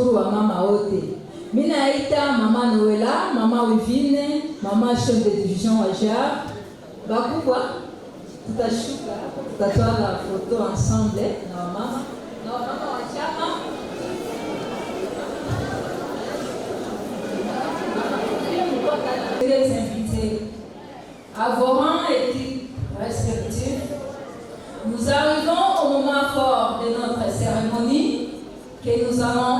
Tunashukuru wamama wote. Mimi naita mama Noela, mama Wivine, mama chef de division wa JAR. Bakubwa tutashuka toi la photo ensemble na Non na non, wa chama. Les invités, à vos rangs et nous arrivons au moment fort de notre cérémonie que nous allons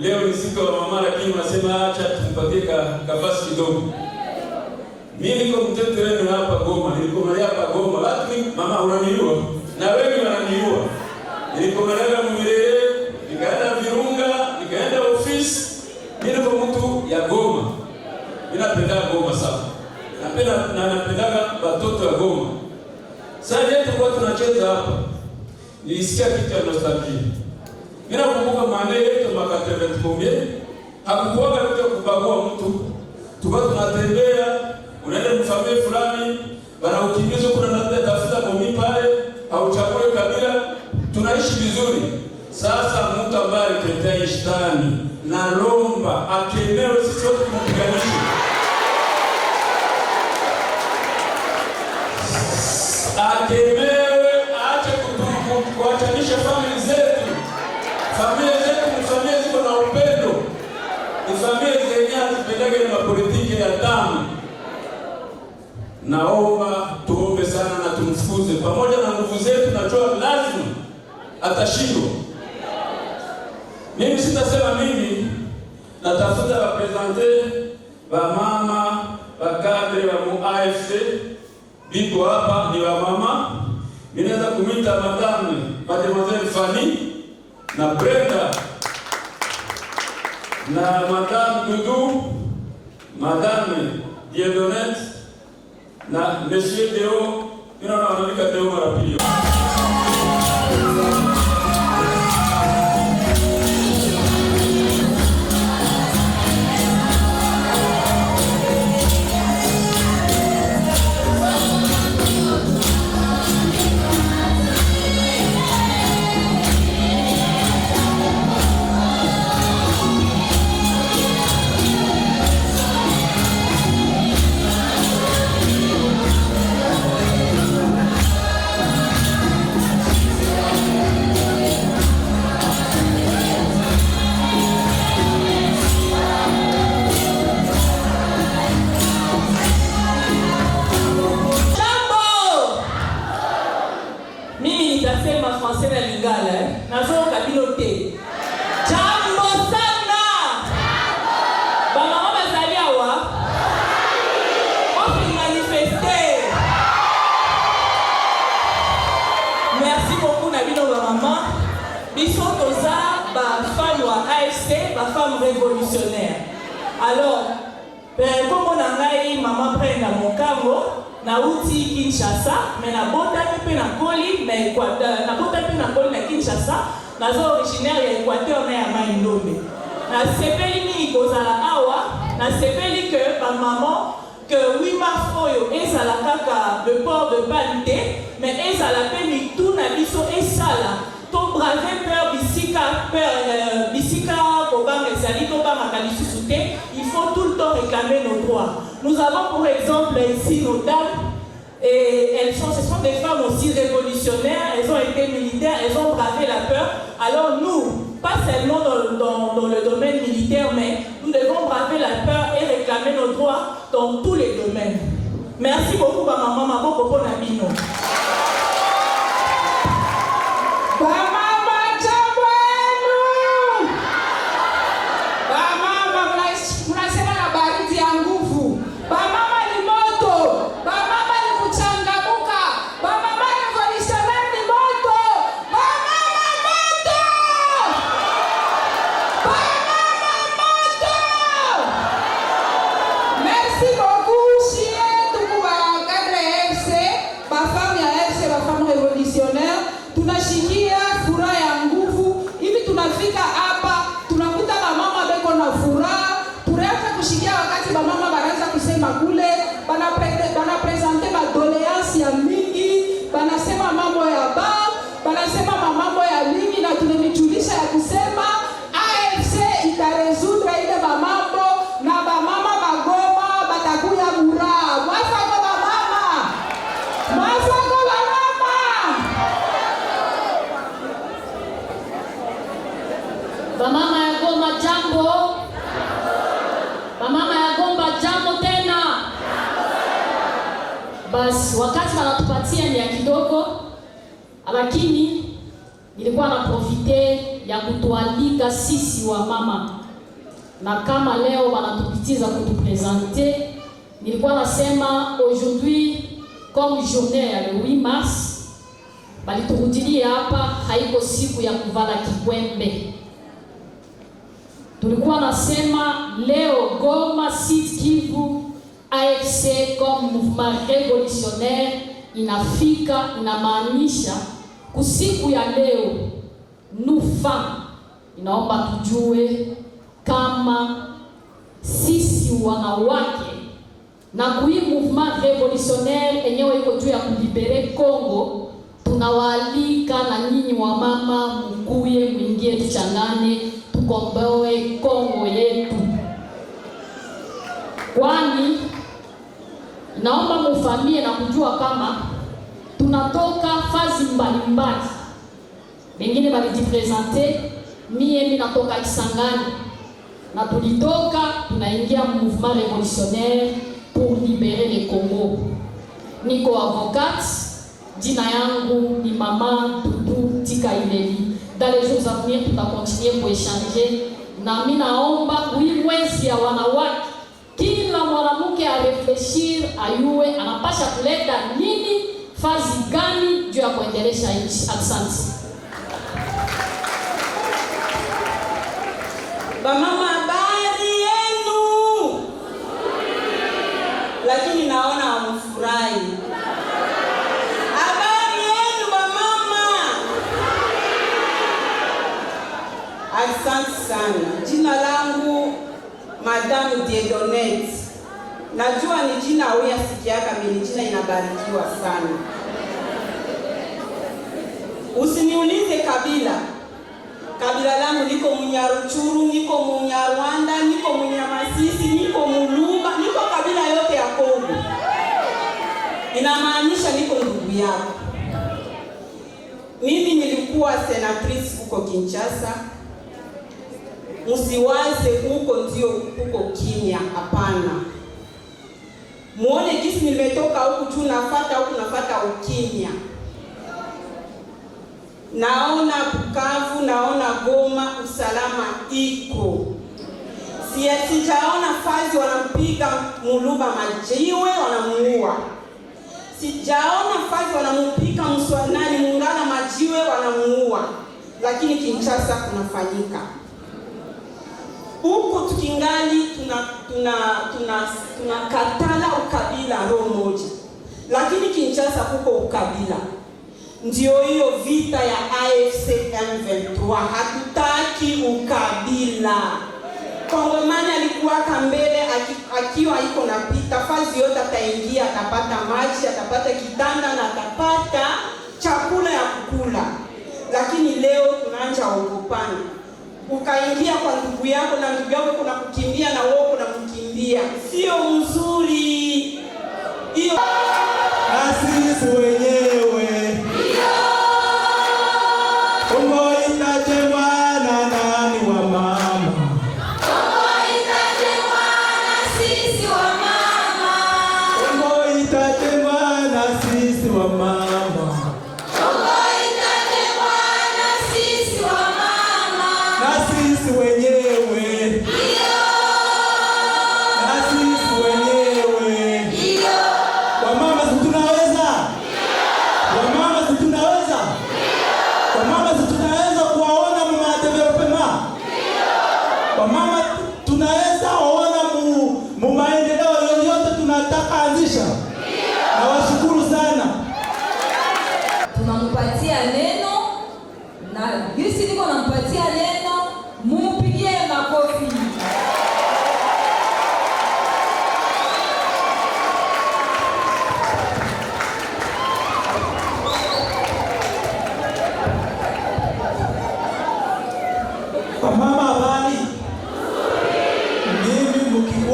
leo ni siku ya mama, lakini wanasema acha tumpatie kafasi kidogo. Mimi niko mtoto wenu hapa Goma, niko mali hapa Goma, lakini mama unaniua na wewe wengi wananiua. Nilikomaliza Mwerere, nikaenda Virunga, nikaenda ofisi. Mimi niko mtu ya Goma, mimi napenda Goma sana, napenda na napenda watoto wa Goma. Sasa leo kwa tunacheza hapa, nilisikia kitu cha nostalgia kumbuka manda yetu tukumye. Hakukuwaka kuja kubagua mtu, Tukwa tunatembea, unaenda mfamilia fulani wanaukimbiza kuna nate tafuta kumi pale au kabila, tunaishi vizuri. Sasa mtu ambaye alitetea ishtani, na lomba akemewe, sisi wote akemewe vile mapolitiki ya damu. Naomba tuombe sana na tumfukuze pamoja na nguvu zetu, najua lazima atashindwa. Mimi sitasema mimi, natafuta waprezante wa mama wakadre wa muafc biko hapa ni wa mama, ninaweza kumita madame mademoiselle Fani na Brenda na madame Dudu Madame diedonet na Monsieur Deo, mimi naona wanaandika Deo mara nabotami mpe nakoli nabotami mpe nakoli na kinshasa naza originaire ya équateur na ya mai ndombe nasepeli mingi kozala awa nasepeli ke bamama ke 8 mars oyo ezala kaka le port de bane te mais ezala mpe mitu na biso esala brave peur bisika peur euh, bisika kobanga ezali tobangaka lisusu te il faut tout le temps réclamer nos droits nous avons pour exemple ici nos dames et elles sont, ce sont des femmes aussi révolutionnaires, elles ont été militaires, elles ont bravé la peur. Alors nous, pas seulement dans, le domaine militaire, mais nous devons braver la peur et réclamer nos droits dans tous les domaines. Merci beaucoup, ma maman, maman, pour Nabino. bamama ya Goma jambo, wamama ya Goma jambo tena. Basi wakati wanatupatia ni ya kidogo, lakini nilikuwa na profite ya kutualika sisi wa mama, na kama leo wanatupitiza kutupresente, nilikuwa nasema aujourd'hui comme journée ya le 8 mars baliturudilia hapa, haiko siku ya kuvala kikwembe tulikuwa nasema leo Goma Sud Kivu AFC comme mouvement révolutionnaire inafika, inamaanisha kusiku ya leo nufa, inaomba tujue kama sisi wanawake na kui mouvement révolutionnaire enyewe iko juu ya kulibere Kongo, tunawaalika na nyinyi mama mkuye mwingie, tuchangane tukomboe Kongo yetu, kwani naomba mufamie na kujua kama tunatoka fazi mbalimbali. bengine walijipresente, mie mi natoka Kisangani na tulitoka tunaingia mouvement revolutionnaire pour libérer le Congo. Niko avocate, jina yangu ni mama Tutu Tika Ileli dans les jours à venir, tutakontinue kuéchanger, na mi naomba hii mwezi ya wanawake, kila mwanamke arefleshir, ayue anapasha kuleta nini, fazi gani juu ya kuendelesha nchi. Asante bamama. binadamu Diedonate. Najua ni jina auyasikiaka mimi, jina inabarikiwa sana. Usiniulize kabila, kabila langu niko Munyaruchuru, niko Munyarwanda, niko Munyamasisi, niko Muluba, niko kabila yote ya Kongo. Inamaanisha niko ndugu yako. Mimi nilikuwa senatrice huko Kinshasa msiwaze huko ndio huko kimya. Hapana, muone jinsi nimetoka huku tu, nafata huku, nafata ukimya. Naona Bukavu, naona Goma, usalama iko sijaona fazi wanampiga muluba majiwe wanamuua. Sijaona fazi wanampiga mswanani mungana majiwe wanamuua, lakini Kinshasa kunafanyika huko tukingali tunakatala tuna, tuna, tuna ukabila roho moja, lakini kinchasa huko ukabila. Ndio hiyo vita ya AFC M23, hatutaki ukabila. Kongomani alikuwaka mbele akiwa iko na pita fazi yote, ataingia atapata maji, atapata kitanda na atapata chakula ya kukula, lakini leo tunaanja ogopana ukaingia kwa ndugu yako na ndugu yako kuna kukimbia na wewe kuna kukimbia, sio mzuri hiyo. Basi wenyewe sisi wenyewe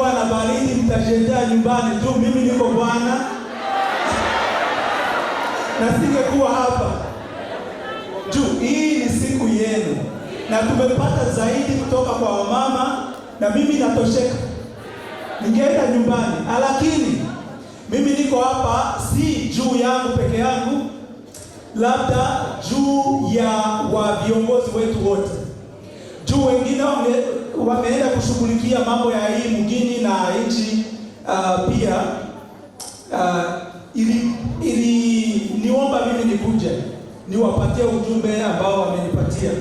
mtakuwa na baridi, mtasherehekea nyumbani tu. Mimi niko Bwana na singekuwa hapa juu. Hii ni siku yenu, na tumepata zaidi kutoka kwa wamama, na mimi natosheka, ningeenda nyumbani, lakini mimi niko hapa si juu yangu peke yangu, labda juu ya wa viongozi wetu wote, juu wengine wameenda kushughulikia mambo ya hii mgini na nchi uh, pia uh, ili, ili niomba mimi nikuje niwapatie ujumbe ambao wamenipatia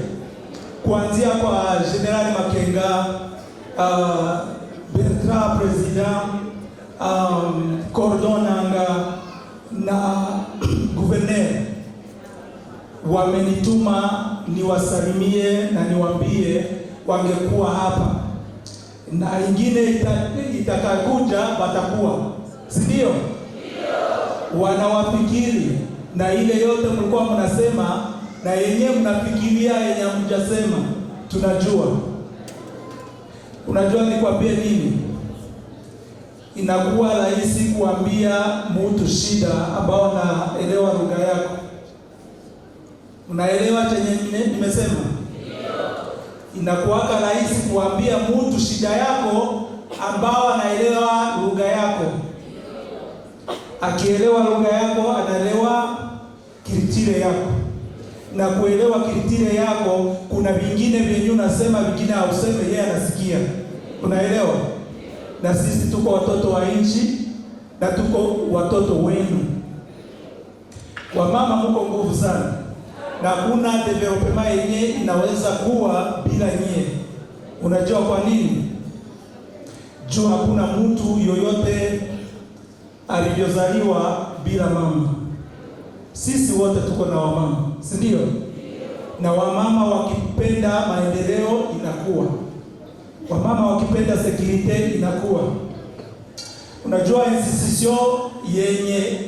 kuanzia kwa General Makenga uh, Bertrand President um, Cordonanga na Gouverneur wamenituma niwasalimie na niwaambie wangekuwa hapa, na ingine itakakuja watakuwa, si ndio? Wanawafikiri na ile yote mlikuwa mnasema na yenyewe mnafikiria yenye mjasema, tunajua. Unajua nikwambie nini, inakuwa rahisi kuambia mtu shida ambao anaelewa lugha yako, unaelewa chenye nimesema inakuwaka rahisi kuambia mtu shida yako ambao anaelewa lugha yako. Akielewa lugha yako anaelewa kiritire yako, na kuelewa kiritire yako, kuna vingine vyenye unasema vingine hauseme, yeye anasikia. Unaelewa? Na sisi tuko watoto wa nchi na tuko watoto wenu. Wamama, mko nguvu sana na hakuna development yenye inaweza kuwa bila nyie. Unajua kwa nini? Juu hakuna mtu yoyote alivyozaliwa bila mama. Sisi wote tuko na wamama, si ndio? Na wamama wakipenda maendeleo inakuwa, wamama wakipenda security inakuwa. Unajua institution yenye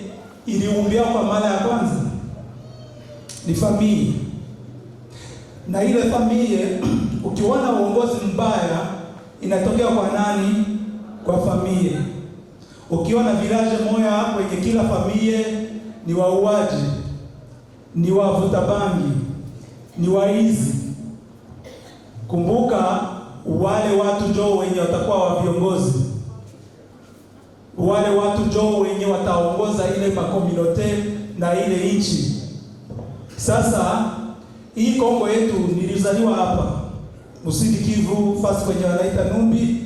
iliumbia kwa mara ya kwanza ni familia, na ile familia ukiona uongozi mbaya inatokea kwa nani? Kwa familia. Ukiona vilaje moya kwenye kila familia, ni wauaji, ni wavuta bangi, ni waizi, kumbuka wale watu jo wenye watakuwa wa viongozi wale watu jo wenye wataongoza ile makomunote na ile nchi sasa hii Kongo yetu, nilizaliwa hapa Musidi Kivu fasi kwenye wanaita Numbi,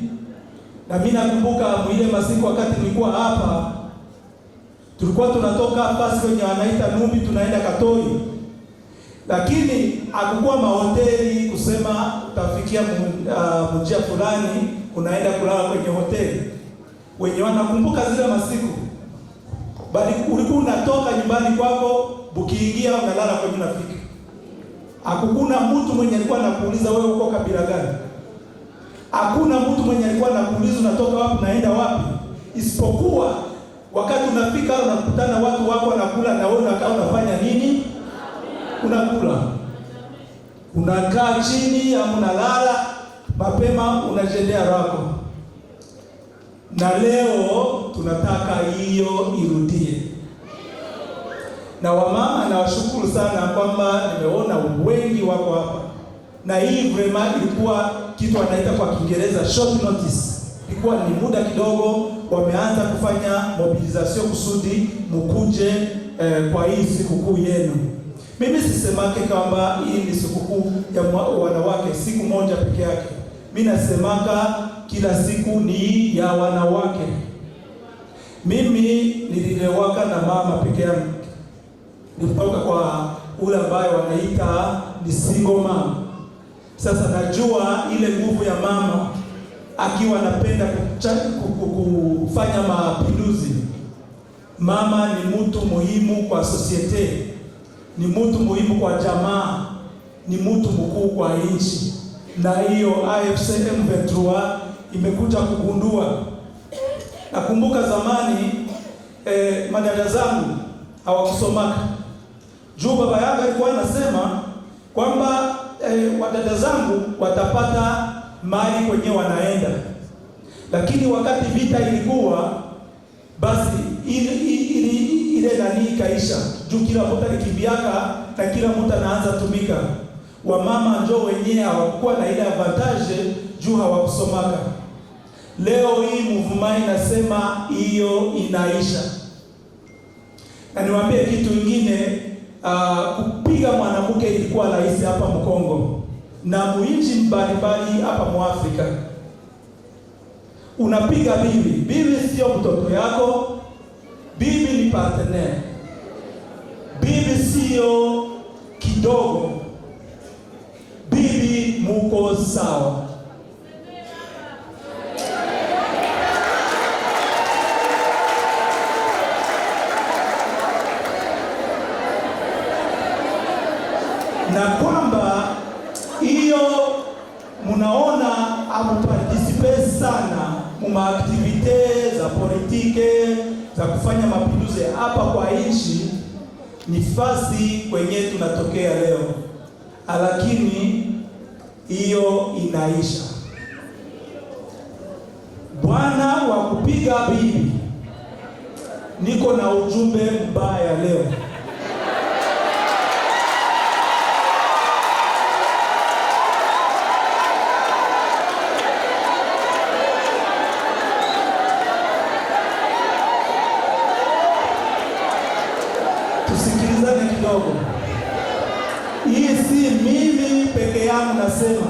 na mimi nakumbuka mwile masiku wakati nilikuwa hapa, tulikuwa tunatoka fasi kwenye wanaita Numbi tunaenda Katoi, lakini hakukuwa mahoteli kusema utafikia uh, fulani unaenda kulala kwenye hoteli. Wenye wanakumbuka zile masiku, bali ulikuwa unatoka nyumbani kwako bukiingia wakalala kwenye nafiki. Hakuna mtu mwenye alikuwa anakuuliza wewe uko kabila gani. Hakuna mtu mwenye alikuwa anakuuliza unatoka wapi naenda wapi, isipokuwa wakati unafika unakutana watu wako wanakula na wewe unakaa unafanya nini? Unakula, unakaa chini au unalala mapema, unajendea rako. Na leo tunataka hiyo irudie na wamama, nawashukuru sana kwamba nimeona wengi wako hapa, na hii vrema ilikuwa kitu wanaita kwa Kiingereza short notice, ilikuwa ni muda kidogo, wameanza kufanya mobilization kusudi mukuje eh, kwa hii sikukuu yenu. Mimi sisemake kwamba hii ni sikukuu ya wanawake siku moja peke yake, mimi nasemaka kila siku ni ya wanawake. Mimi nililewaka na mama peke yangu ni kutoka kwa ule ambaye wanaita ni single mom. Sasa najua ile nguvu ya mama akiwa anapenda kufanya mapinduzi. Mama ni mtu muhimu kwa society, ni mtu muhimu kwa jamaa, ni mtu mkuu kwa nchi, na hiyo AFC M23 imekuja kugundua. Nakumbuka zamani eh, madada zangu hawakusomaka juu baba yake alikuwa anasema kwamba eh, wadada zangu watapata mali kwenye wanaenda, lakini wakati vita ilikuwa basi ile ile ile nani ikaisha, juu kila mtu alikimbiaka na kila mtu anaanza tumika. Wamama njo wenyewe hawakuwa na ile avantage juu hawakusomaka. Leo hii muvumai inasema hiyo inaisha, na niwaambie kitu kingine Ah, kupiga mwanamke ilikuwa rahisi hapa Mkongo na muinji mbalimbali hapa Mwafrika. Unapiga bibi, bibi sio mtoto yako, bibi ni partner, bibi sio kidogo, bibi muko sawa. fasi kwenye tunatokea anasema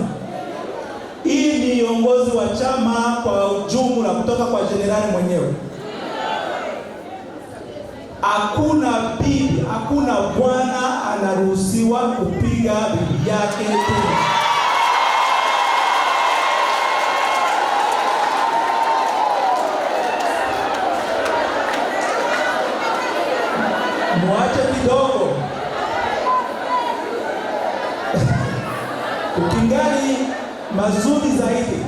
hii ni uongozi wa chama kwa ujumla, kutoka kwa jenerali mwenyewe. Hakuna bibi, hakuna bwana anaruhusiwa kupiga bibi yake tena. nzuri zaidi.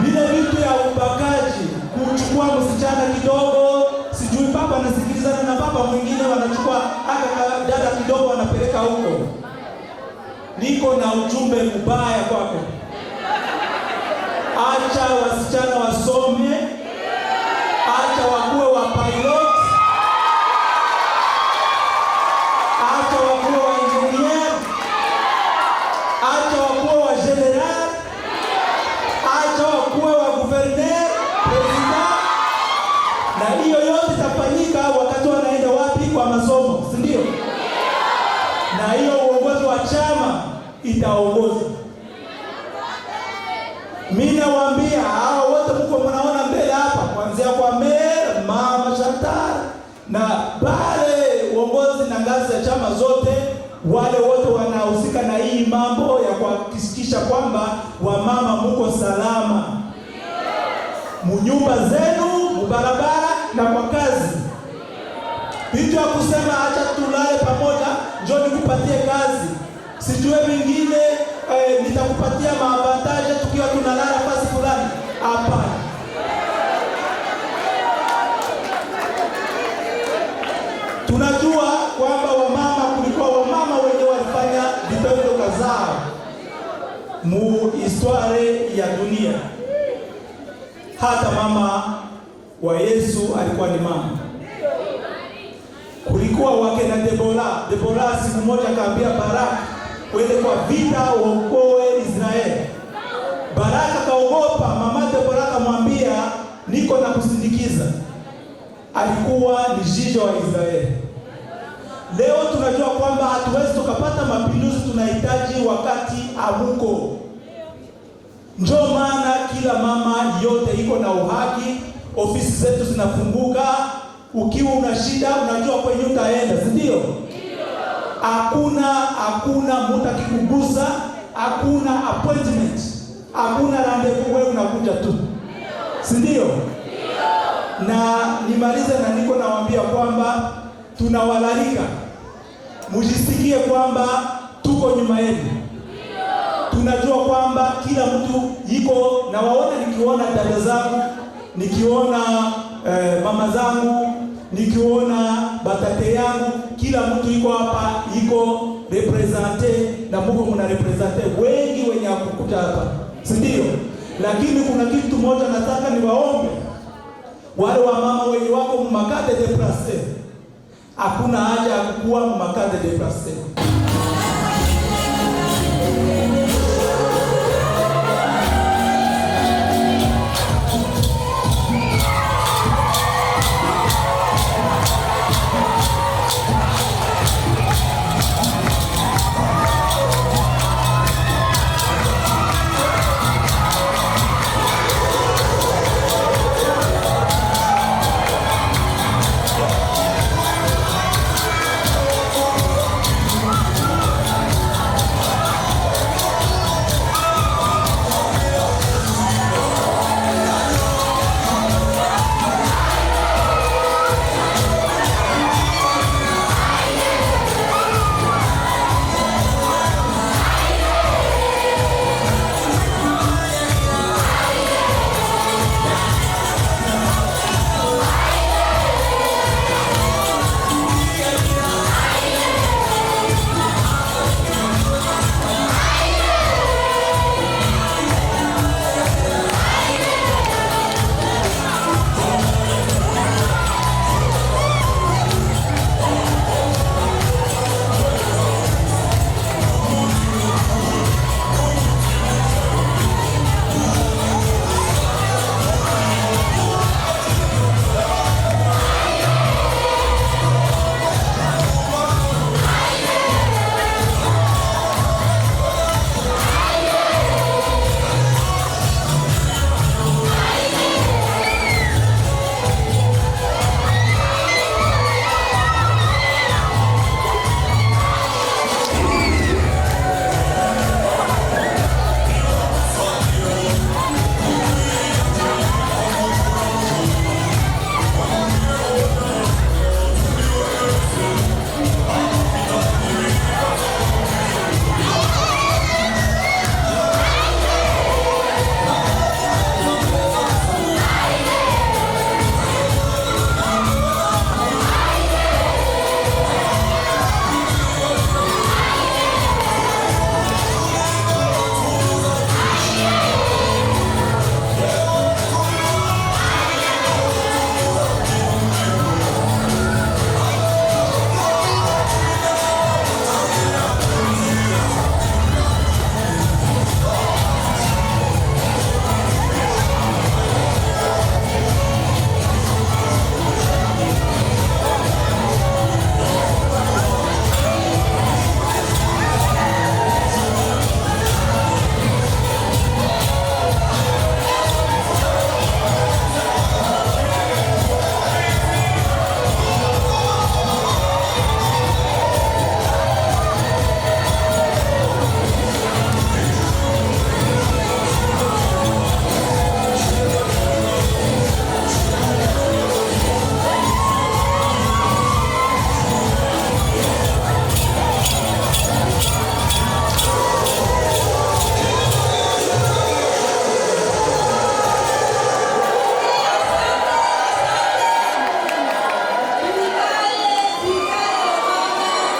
Vile vitu ya ubakaji, kuchukua msichana kidogo, sijui baba anasikilizana na baba mwingine, wanachukua hata dada kidogo, wanapeleka huko. Niko na ujumbe mbaya kwako. Acha wasichana wasome, acha wakuwe wapailoti itaongoza. Mimi nawaambia hao wote mko mnaona mbele hapa, kuanzia kwa mer mama Chantal na pale uongozi na ngazi ya chama zote, wale wote wanahusika na hii mambo ya kuhakikisha kwamba wamama mko salama munyumba zenu, mubarabara na kwa kazi. Vitu ya kusema acha tulale pamoja, njoo nikupatie kazi sijue mingine eh, nitakupatia maavantaje tukiwa tunalala fasi fulani. Hapana, tunajua kwamba wamama, kulikuwa wamama wenye walifanya vitendo kadhaa mu histoire ya dunia. Hata mama wa Yesu alikuwa ni mama. Kulikuwa na Debora. Debora siku moja akaambia Baraka uende kwa vita uokoe Israeli. Baraka kaogopa, mamake Baraka mwambia niko na kusindikiza. Alikuwa ni jijo wa Israeli. Leo tunajua kwamba hatuwezi tukapata mapinduzi, tunahitaji wakati amuko. Ndio maana kila mama yote iko na uhaki, ofisi zetu zinafunguka. Ukiwa una shida unajua kwenye utaenda, si ndio? hakuna hakuna mtu akikugusa, hakuna appointment, hakuna randevu, wewe unakuja tu, si ndio? Na nimalize na niko nawaambia kwamba tunawalalika mujisikie kwamba tuko nyuma yenu. Tunajua kwamba kila mtu yiko na waona, nikiona dada zangu, nikiona eh, mama zangu nikiona batate yangu, kila mtu iko hapa, iko represente na Mungu, muna represente wengi wenye akukuta hapa, si ndio? Lakini kuna kitu moja nataka niwaombe wale wamama wenye wako mumakate de place, hakuna haja ya kukuwa mumakate de place.